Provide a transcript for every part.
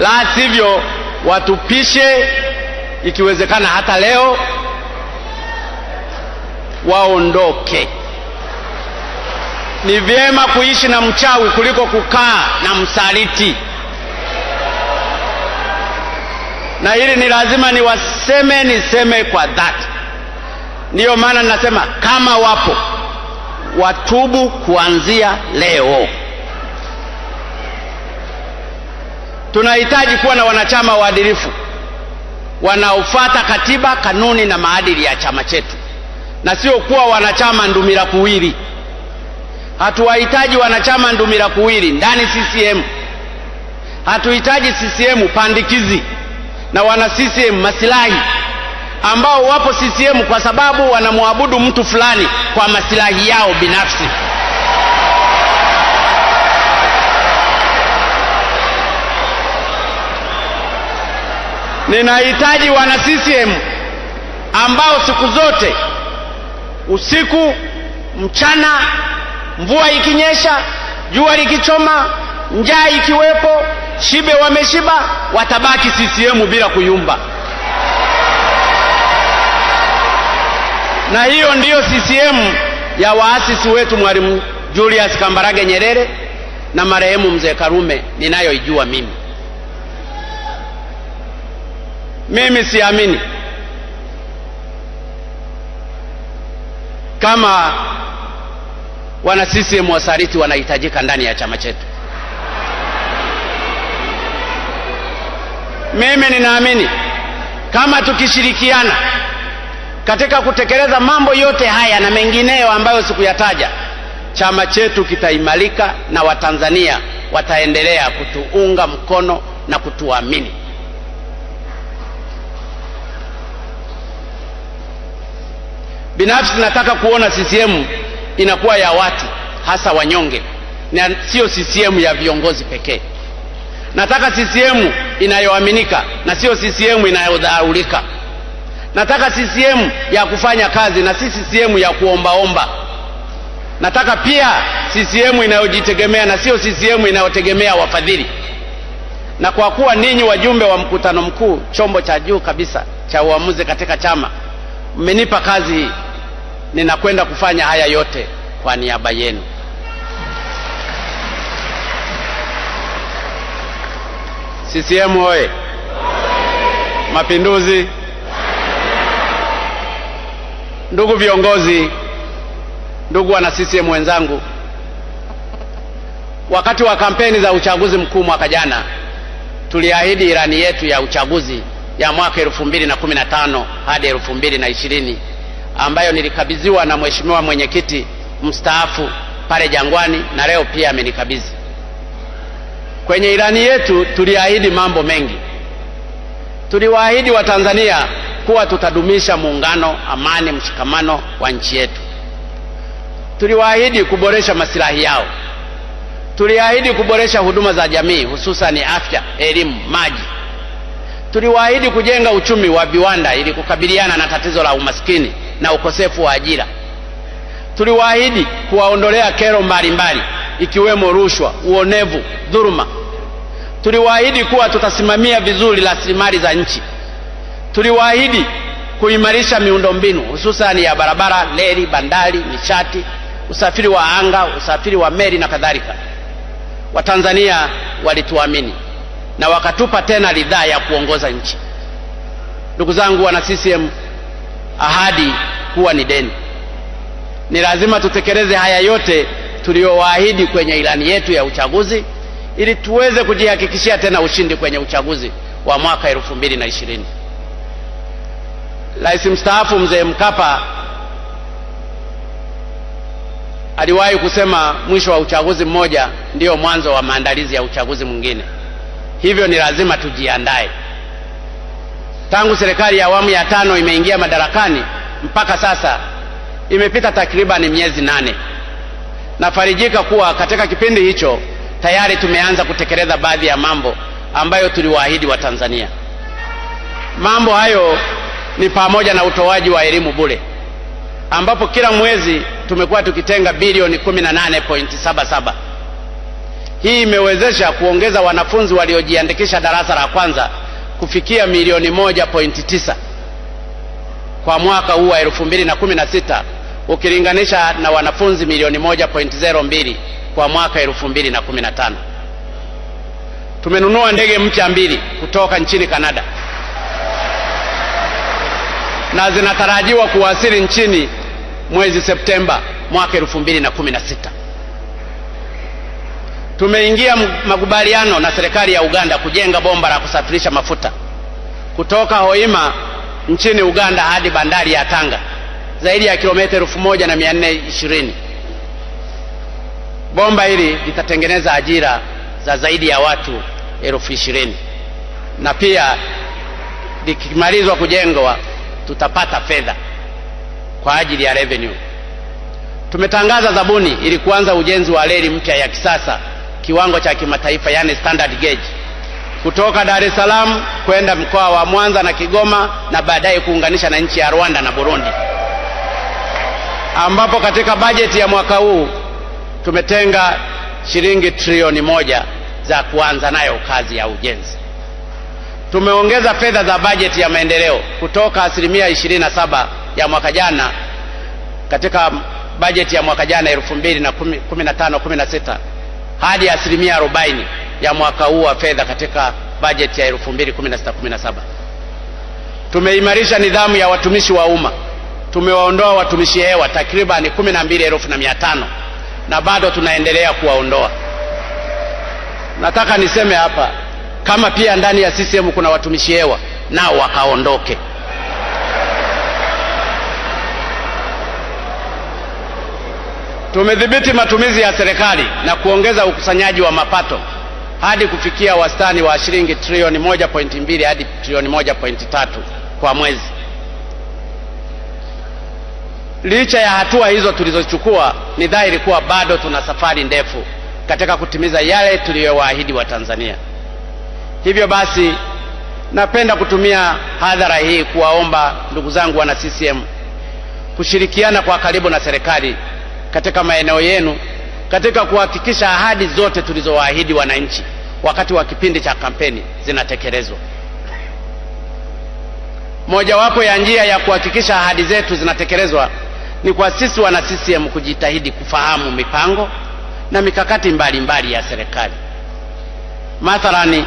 la sivyo watupishe, ikiwezekana hata leo waondoke. Ni vyema kuishi na mchawi kuliko kukaa na msaliti, na hili ni lazima niwaseme, niseme kwa dhati. Ndiyo maana ninasema kama wapo watubu kuanzia leo. tunahitaji kuwa na wanachama waadilifu wanaofuata katiba, kanuni na maadili ya chama chetu, na sio kuwa wanachama ndumila kuwili. Hatuwahitaji wanachama ndumila kuwili ndani CCM. Hatuhitaji CCM pandikizi na wana CCM masilahi ambao wapo CCM kwa sababu wanamwabudu mtu fulani kwa masilahi yao binafsi. Ninahitaji wana CCM ambao siku zote usiku mchana, mvua ikinyesha, jua likichoma, njaa ikiwepo, shibe wameshiba, watabaki CCM bila kuyumba, na hiyo ndiyo CCM ya waasisi wetu Mwalimu Julius Kambarage Nyerere na marehemu Mzee Karume ninayoijua mimi. Mimi siamini kama wana CCM wasaliti wanahitajika ndani ya chama chetu. Mimi ninaamini kama tukishirikiana katika kutekeleza mambo yote haya na mengineyo ambayo sikuyataja, chama chetu kitaimarika na Watanzania wataendelea kutuunga mkono na kutuamini. Binafsi nataka kuona CCM inakuwa ya watu hasa wanyonge, na sio CCM ya viongozi pekee. Nataka CCM inayoaminika na sio CCM inayodhaulika. Nataka CCM ya kufanya kazi na si CCM ya kuombaomba. Nataka pia CCM inayojitegemea na sio CCM inayotegemea wafadhili. Na kwa kuwa ninyi wajumbe wa mkutano mkuu, chombo cha juu kabisa cha uamuzi katika chama, mmenipa kazi hii ninakwenda kufanya haya yote kwa niaba yenu. CCM oye! Mapinduzi! Ndugu viongozi, ndugu wana CCM wenzangu, wakati wa kampeni za uchaguzi mkuu mwaka jana tuliahidi irani yetu ya uchaguzi ya mwaka 2015 hadi 2020 ambayo nilikabidhiwa na mheshimiwa mwenyekiti mstaafu pale Jangwani, na leo pia amenikabidhi. Kwenye ilani yetu tuliahidi mambo mengi. Tuliwaahidi Watanzania kuwa tutadumisha muungano, amani, mshikamano wa nchi yetu. Tuliwaahidi kuboresha masilahi yao. Tuliahidi kuboresha huduma za jamii, hususan afya, elimu, maji. Tuliwaahidi kujenga uchumi wa viwanda ili kukabiliana na tatizo la umaskini na ukosefu wa ajira. Tuliwaahidi kuwaondolea kero mbalimbali ikiwemo rushwa, uonevu, dhuluma. Tuliwaahidi kuwa tutasimamia vizuri rasilimali za nchi. Tuliwaahidi kuimarisha miundombinu hususani ya barabara, reli, bandari, nishati, usafiri wa anga, usafiri wa meli na kadhalika. Watanzania walituamini na wakatupa tena ridhaa ya kuongoza nchi. Ndugu zangu wana CCM, ahadi kuwa ni deni. Ni lazima tutekeleze haya yote tuliyowaahidi kwenye ilani yetu ya uchaguzi ili tuweze kujihakikishia tena ushindi kwenye uchaguzi wa mwaka elfu mbili na ishirini. Rais mstaafu Mzee Mkapa aliwahi kusema mwisho wa uchaguzi mmoja ndiyo mwanzo wa maandalizi ya uchaguzi mwingine. Hivyo ni lazima tujiandae. Tangu serikali ya awamu ya tano imeingia madarakani mpaka sasa imepita takribani miezi nane. Nafarijika kuwa katika kipindi hicho tayari tumeanza kutekeleza baadhi ya mambo ambayo tuliwaahidi Watanzania. Mambo hayo ni pamoja na utoaji wa elimu bure ambapo kila mwezi tumekuwa tukitenga bilioni 18.77. Hii imewezesha kuongeza wanafunzi waliojiandikisha darasa la kwanza kufikia milioni moja pointi tisa kwa mwaka huu wa elfu mbili na kumi na sita ukilinganisha na wanafunzi milioni moja pointi zero mbili kwa mwaka elfu mbili na kumi na tano. Tumenunua ndege mpya mbili kutoka nchini Kanada na zinatarajiwa kuwasili nchini mwezi Septemba mwaka elfu mbili na kumi na sita. Tumeingia makubaliano na serikali ya Uganda kujenga bomba la kusafirisha mafuta kutoka Hoima nchini Uganda hadi bandari ya Tanga zaidi ya kilomita elfu moja na mia nne ishirini. Bomba hili litatengeneza ajira za zaidi ya watu elfu ishirini na pia likimalizwa kujengwa tutapata fedha kwa ajili ya revenue. Tumetangaza zabuni ili kuanza ujenzi wa reli mpya ya kisasa kiwango cha kimataifa, yani standard gauge, kutoka Dar es Salaam kwenda mkoa wa Mwanza na Kigoma na baadaye kuunganisha na nchi ya Rwanda na Burundi, ambapo katika bajeti ya mwaka huu tumetenga shilingi trilioni moja za kuanza nayo kazi ya ujenzi. Tumeongeza fedha za bajeti ya maendeleo kutoka asilimia 27 ya mwaka jana katika bajeti ya mwaka jana 2015 16 hadi asilimia 40 ya mwaka huu wa fedha katika bajeti ya 2016/17. Tumeimarisha nidhamu ya watumishi wa umma, tumewaondoa watumishi hewa takribani 12,500 na bado tunaendelea kuwaondoa. Nataka niseme hapa kama pia ndani ya CCM kuna watumishi hewa nao wakaondoke. Tumedhibiti matumizi ya serikali na kuongeza ukusanyaji wa mapato hadi kufikia wastani wa shilingi trilioni 1.2 hadi trilioni 1.3 kwa mwezi. Licha ya hatua hizo tulizochukua, ni dhahiri kuwa bado tuna safari ndefu katika kutimiza yale tuliyowaahidi Watanzania. Hivyo basi, napenda kutumia hadhara hii kuwaomba ndugu zangu wana CCM kushirikiana kwa karibu na serikali katika maeneo yenu katika kuhakikisha ahadi zote tulizowaahidi wananchi wakati wa kipindi cha kampeni zinatekelezwa. Mojawapo ya njia ya kuhakikisha ahadi zetu zinatekelezwa ni kwa sisi wana CCM kujitahidi kufahamu mipango na mikakati mbalimbali mbali ya serikali. Mathalani,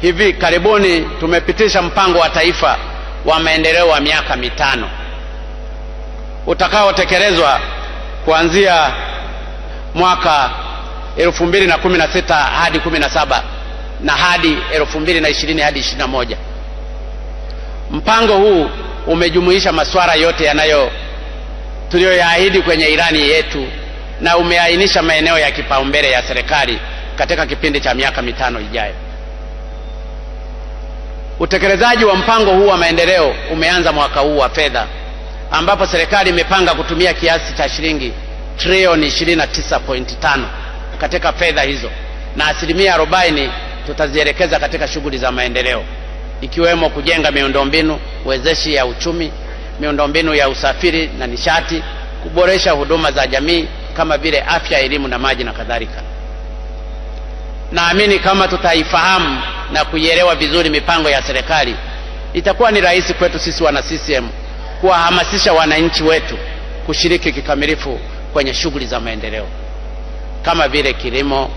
hivi karibuni tumepitisha mpango wa taifa wa maendeleo wa miaka mitano utakaotekelezwa kuanzia mwaka 2016 hadi 17 na hadi 2020 hadi 21. Mpango huu umejumuisha masuala yote yanayo tuliyoyaahidi kwenye ilani yetu na umeainisha maeneo ya kipaumbele ya serikali katika kipindi cha miaka mitano ijayo. Utekelezaji wa mpango huu wa maendeleo umeanza mwaka huu wa fedha ambapo serikali imepanga kutumia kiasi cha shilingi trilioni 29.5 katika fedha hizo na asilimia arobaini tutazielekeza katika shughuli za maendeleo ikiwemo kujenga miundombinu wezeshi ya uchumi, miundombinu ya usafiri na nishati, kuboresha huduma za jamii kama vile afya, elimu na maji na kadhalika. Naamini kama tutaifahamu na kuielewa vizuri mipango ya serikali, itakuwa ni rahisi kwetu sisi wana CCM kuwahamasisha wananchi wetu kushiriki kikamilifu kwenye shughuli za maendeleo kama vile kilimo,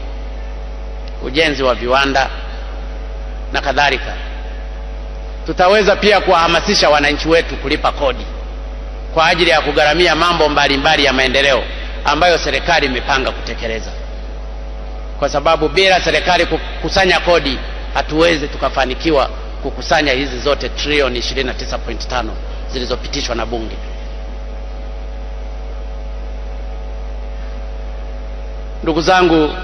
ujenzi wa viwanda na kadhalika. Tutaweza pia kuwahamasisha wananchi wetu kulipa kodi kwa ajili ya kugharamia mambo mbalimbali mbali ya maendeleo ambayo serikali imepanga kutekeleza, kwa sababu bila serikali kukusanya kodi hatuwezi tukafanikiwa kukusanya hizi zote trilioni 29.5 zilizopitishwa na Bunge. Ndugu zangu,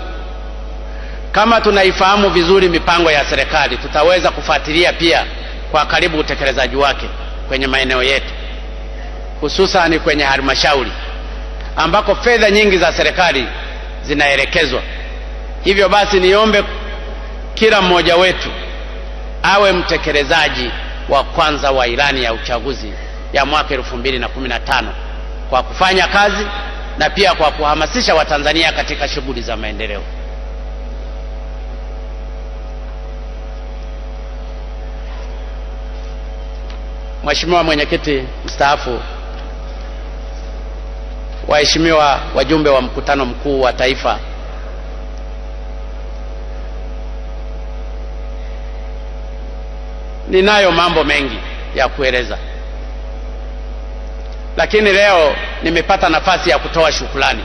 kama tunaifahamu vizuri mipango ya serikali, tutaweza kufuatilia pia kwa karibu utekelezaji wake kwenye maeneo yetu, hususani kwenye halmashauri ambako fedha nyingi za serikali zinaelekezwa. Hivyo basi, niombe kila mmoja wetu awe mtekelezaji wa kwanza wa ilani ya uchaguzi ya mwaka tano kwa kufanya kazi na pia kwa kuhamasisha Watanzania katika shughuli za maendeleo. Mheshimiwa mwenyekiti mstaafu, waheshimiwa wajumbe wa mkutano mkuu wa taifa ninayo mambo mengi ya kueleza, lakini leo nimepata nafasi ya kutoa shukrani.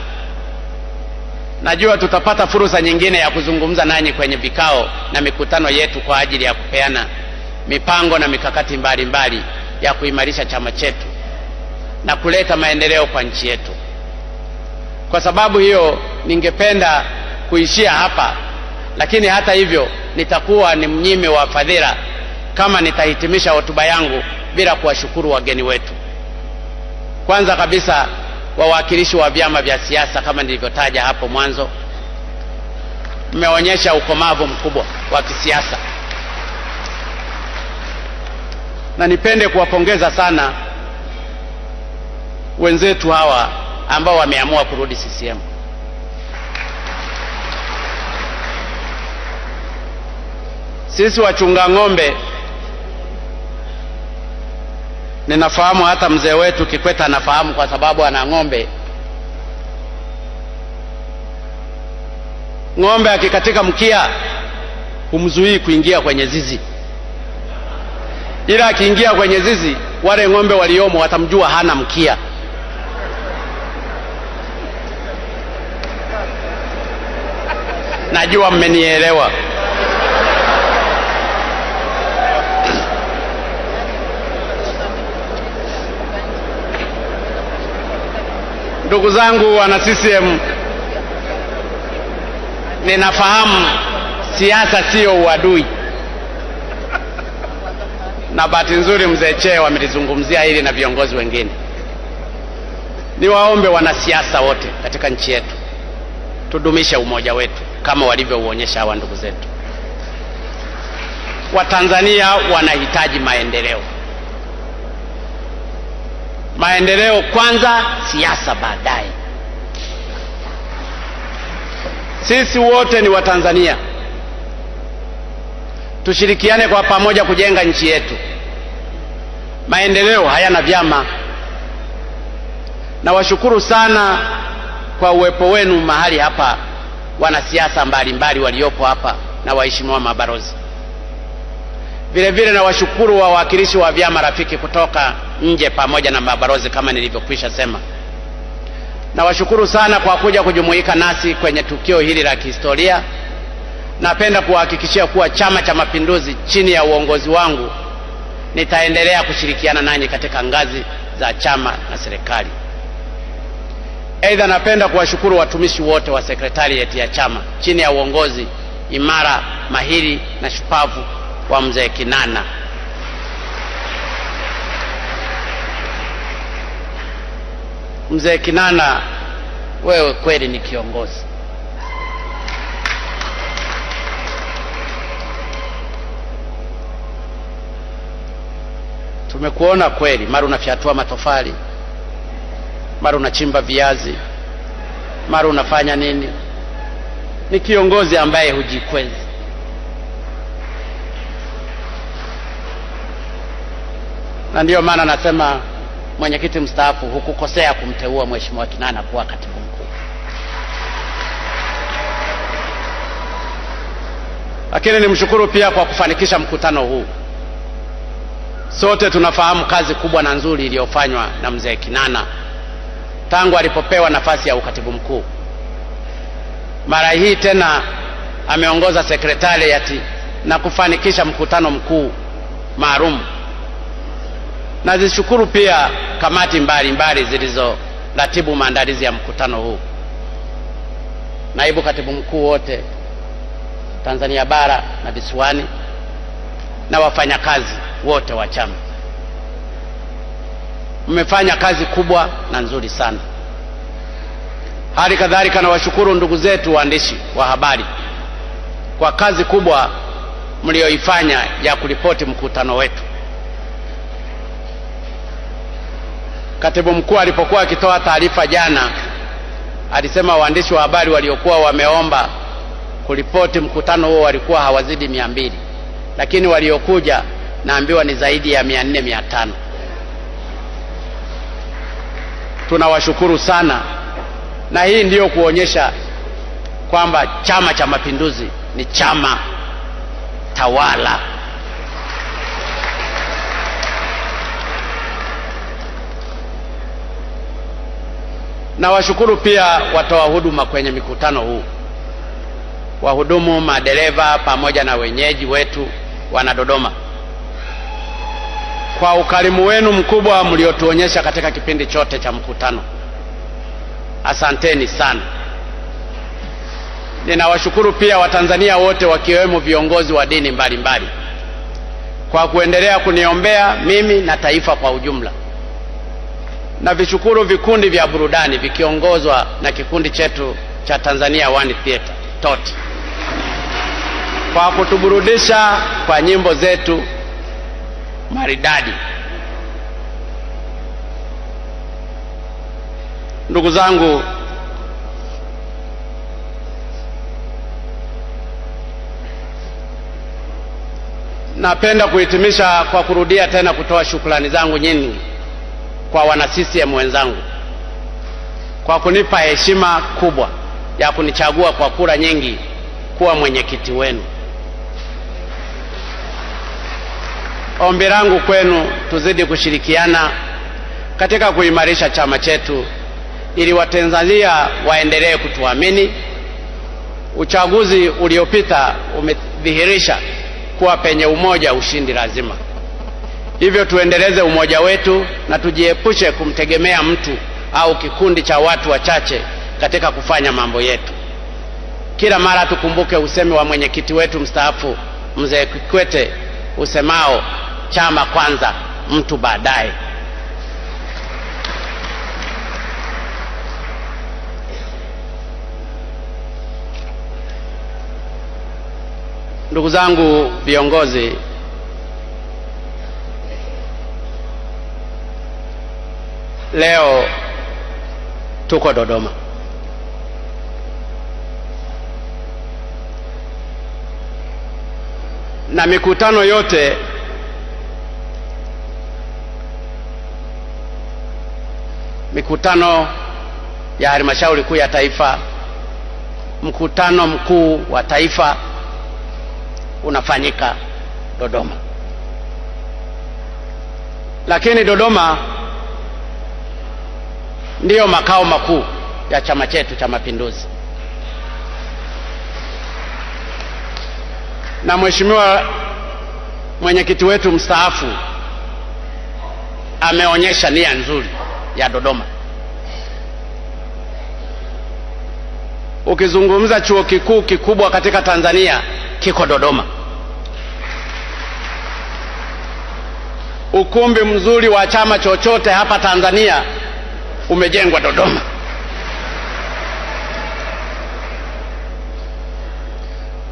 Najua tutapata fursa nyingine ya kuzungumza nanyi kwenye vikao na mikutano yetu kwa ajili ya kupeana mipango na mikakati mbalimbali mbali ya kuimarisha chama chetu na kuleta maendeleo kwa nchi yetu. Kwa sababu hiyo, ningependa kuishia hapa, lakini hata hivyo nitakuwa ni mnyime wa fadhila kama nitahitimisha hotuba yangu bila kuwashukuru wageni wetu. Kwanza kabisa wawakilishi wa vyama vya siasa, kama nilivyotaja hapo mwanzo, mmeonyesha ukomavu mkubwa wa kisiasa, na nipende kuwapongeza sana wenzetu hawa ambao wameamua kurudi CCM. Sisi wachunga ng'ombe Ninafahamu hata mzee wetu Kikwete anafahamu kwa sababu ana ng'ombe. Ng'ombe akikatika mkia humzuii kuingia kwenye zizi, ila akiingia kwenye zizi, wale ng'ombe waliomo watamjua hana mkia. Najua mmenielewa. Ndugu zangu wana CCM, ninafahamu siasa siyo uadui, na bahati nzuri mzee Chee wamelizungumzia hili na viongozi wengine. Niwaombe wanasiasa wote katika nchi yetu tudumishe umoja wetu kama walivyouonyesha hawa ndugu zetu. Watanzania wanahitaji maendeleo maendeleo kwanza, siasa baadaye. Sisi wote ni Watanzania, tushirikiane kwa pamoja kujenga nchi yetu. Maendeleo hayana vyama. Nawashukuru sana kwa uwepo wenu mahali hapa, wanasiasa mbalimbali waliopo hapa na waheshimiwa mabalozi. Vilevile nawashukuru wawakilishi wa vyama rafiki kutoka nje pamoja na mabalozi kama nilivyokwisha sema. Nawashukuru sana kwa kuja kujumuika nasi kwenye tukio hili la kihistoria. Napenda kuwahakikishia kuwa Chama cha Mapinduzi chini ya uongozi wangu nitaendelea kushirikiana nanyi katika ngazi za chama na serikali. Aidha, napenda kuwashukuru watumishi wote wa sekretarieti ya chama chini ya uongozi imara, mahiri na shupavu wa Mzee Kinana. Mzee Kinana, wewe kweli ni kiongozi. Tumekuona kweli, mara unafyatua matofali, mara unachimba viazi, mara unafanya nini. Ni kiongozi ambaye hujikwezi. Na ndiyo maana nasema mwenyekiti mstaafu, hukukosea kumteua Mheshimiwa Kinana kuwa katibu mkuu. Lakini nimshukuru pia kwa kufanikisha mkutano huu. Sote tunafahamu kazi kubwa na nzuri iliyofanywa na mzee Kinana tangu alipopewa nafasi ya ukatibu mkuu. Mara hii tena ameongoza sekretariati na kufanikisha mkutano mkuu maalum Nazishukuru pia kamati mbalimbali zilizoratibu maandalizi ya mkutano huu, naibu katibu mkuu wote Tanzania bara na visiwani, na wafanyakazi wote wa chama. Mmefanya kazi kubwa na nzuri sana. Hali kadhalika nawashukuru ndugu zetu waandishi wa habari kwa kazi kubwa mlioifanya ya kuripoti mkutano wetu. Katibu mkuu alipokuwa akitoa taarifa jana, alisema waandishi wa habari waliokuwa wameomba kuripoti mkutano huo walikuwa hawazidi mia mbili, lakini waliokuja naambiwa ni zaidi ya mia nne mia tano. Tunawashukuru sana, na hii ndiyo kuonyesha kwamba Chama cha Mapinduzi ni chama tawala. nawashukuru pia watoa huduma kwenye mikutano huu, wahudumu, madereva pamoja na wenyeji wetu wana Dodoma kwa ukarimu wenu mkubwa mliotuonyesha katika kipindi chote cha mkutano. Asanteni sana. Ninawashukuru pia Watanzania wote wakiwemo viongozi wa dini mbalimbali mbali, kwa kuendelea kuniombea mimi na taifa kwa ujumla na vishukuru vikundi vya burudani vikiongozwa na kikundi chetu cha Tanzania One Theater TOT kwa kutuburudisha kwa nyimbo zetu maridadi. Ndugu zangu, napenda kuhitimisha kwa kurudia tena kutoa shukrani zangu nyingi kwa wana CCM wenzangu kwa kunipa heshima kubwa ya kunichagua kwa kura nyingi kuwa mwenyekiti wenu. Ombi langu kwenu, tuzidi kushirikiana katika kuimarisha chama chetu ili Watanzania waendelee kutuamini. Uchaguzi uliopita umedhihirisha kuwa penye umoja ushindi lazima. Hivyo tuendeleze umoja wetu na tujiepushe kumtegemea mtu au kikundi cha watu wachache katika kufanya mambo yetu. Kila mara tukumbuke usemi wa mwenyekiti wetu mstaafu Mzee Kikwete usemao, chama kwanza, mtu baadaye. Ndugu zangu viongozi Leo tuko Dodoma. Na mikutano yote mikutano ya halmashauri kuu ya taifa, mkutano mkuu wa taifa unafanyika Dodoma. Lakini Dodoma ndiyo makao makuu ya chama chetu cha Mapinduzi. Na mheshimiwa mwenyekiti wetu mstaafu ameonyesha nia nzuri ya Dodoma. Ukizungumza chuo kikuu kikubwa katika Tanzania kiko Dodoma, ukumbi mzuri wa chama chochote hapa Tanzania umejengwa Dodoma.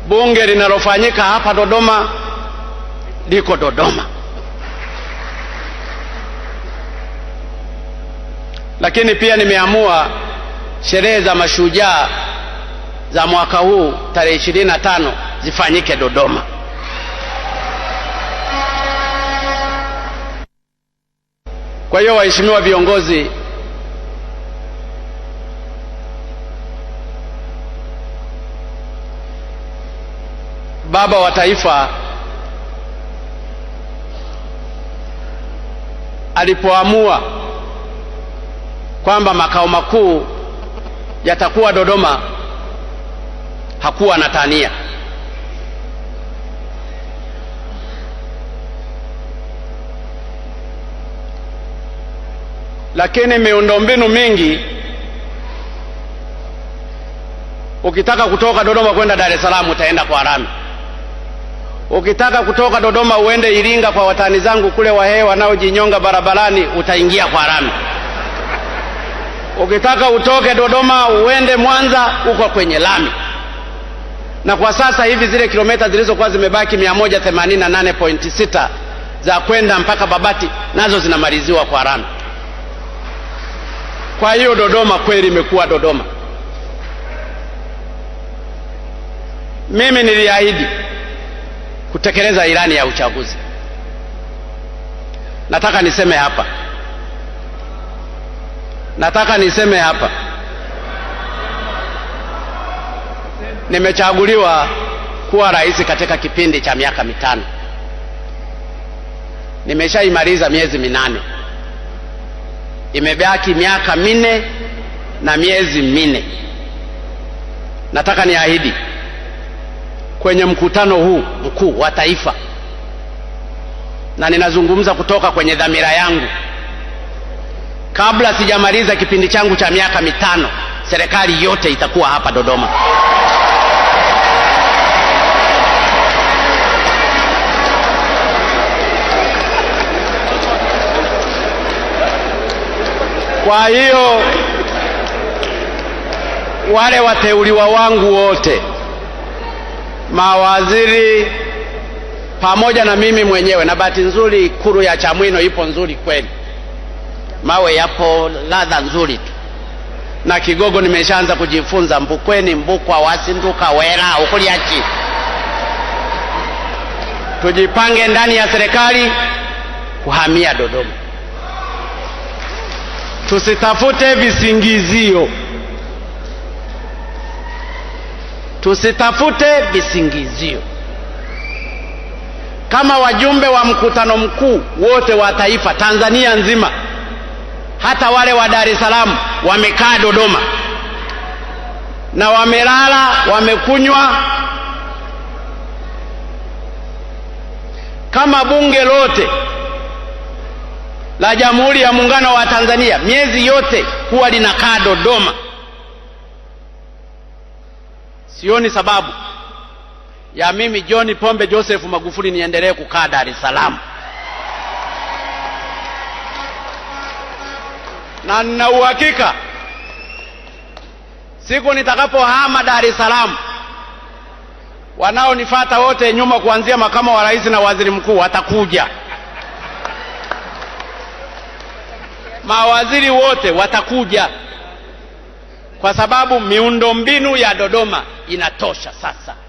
Bunge linalofanyika hapa Dodoma liko Dodoma, lakini pia nimeamua sherehe za mashujaa za mwaka huu tarehe ishirini na tano zifanyike Dodoma. Kwa hiyo waheshimiwa viongozi baba wa taifa alipoamua kwamba makao makuu yatakuwa Dodoma, hakuwa tania. Lakini miundombinu mingi, ukitaka kutoka Dodoma kwenda Dar es Salaam utaenda kwa rami. Ukitaka kutoka Dodoma uende Iringa kwa watani zangu kule Wahehe wanaojinyonga barabarani, utaingia kwa rami. Ukitaka utoke Dodoma uende Mwanza, uko kwenye lami. Na kwa sasa hivi zile kilomita zilizokuwa zimebaki 188.6 za kwenda mpaka Babati nazo zinamaliziwa kwa rami. Kwa hiyo Dodoma kweli imekuwa Dodoma. Mimi niliahidi kutekeleza ilani ya uchaguzi. Nataka niseme hapa, nataka niseme hapa, nimechaguliwa kuwa rais katika kipindi cha miaka mitano, nimeshaimaliza miezi minane, imebaki miaka minne na miezi minne. Nataka niahidi kwenye mkutano huu mkuu wa taifa, na ninazungumza kutoka kwenye dhamira yangu. Kabla sijamaliza kipindi changu cha miaka mitano, serikali yote itakuwa hapa Dodoma. Kwa hiyo wale wateuliwa wangu wote mawaziri pamoja na mimi mwenyewe, na bahati nzuri ikulu ya Chamwino ipo nzuri kweli, mawe yapo ladha nzuri tu, na Kigogo nimeshaanza kujifunza mbukweni, mbukwa wasinduka wera chi Tujipange ndani ya serikali kuhamia Dodoma, tusitafute visingizio. Tusitafute visingizio. Kama wajumbe wa mkutano mkuu wote wa taifa Tanzania nzima, hata wale wa Dar es Salaam wamekaa Dodoma na wamelala, wamekunywa. Kama bunge lote la Jamhuri ya Muungano wa Tanzania miezi yote huwa linakaa Dodoma. Sioni sababu ya mimi John Pombe Joseph Magufuli niendelee kukaa Dar es Salaam, na nina uhakika siku nitakapohama Dar es Salaam, wanaonifata wote nyuma, kuanzia makamu wa rais na waziri mkuu watakuja, mawaziri wote watakuja kwa sababu miundombinu ya Dodoma inatosha sasa.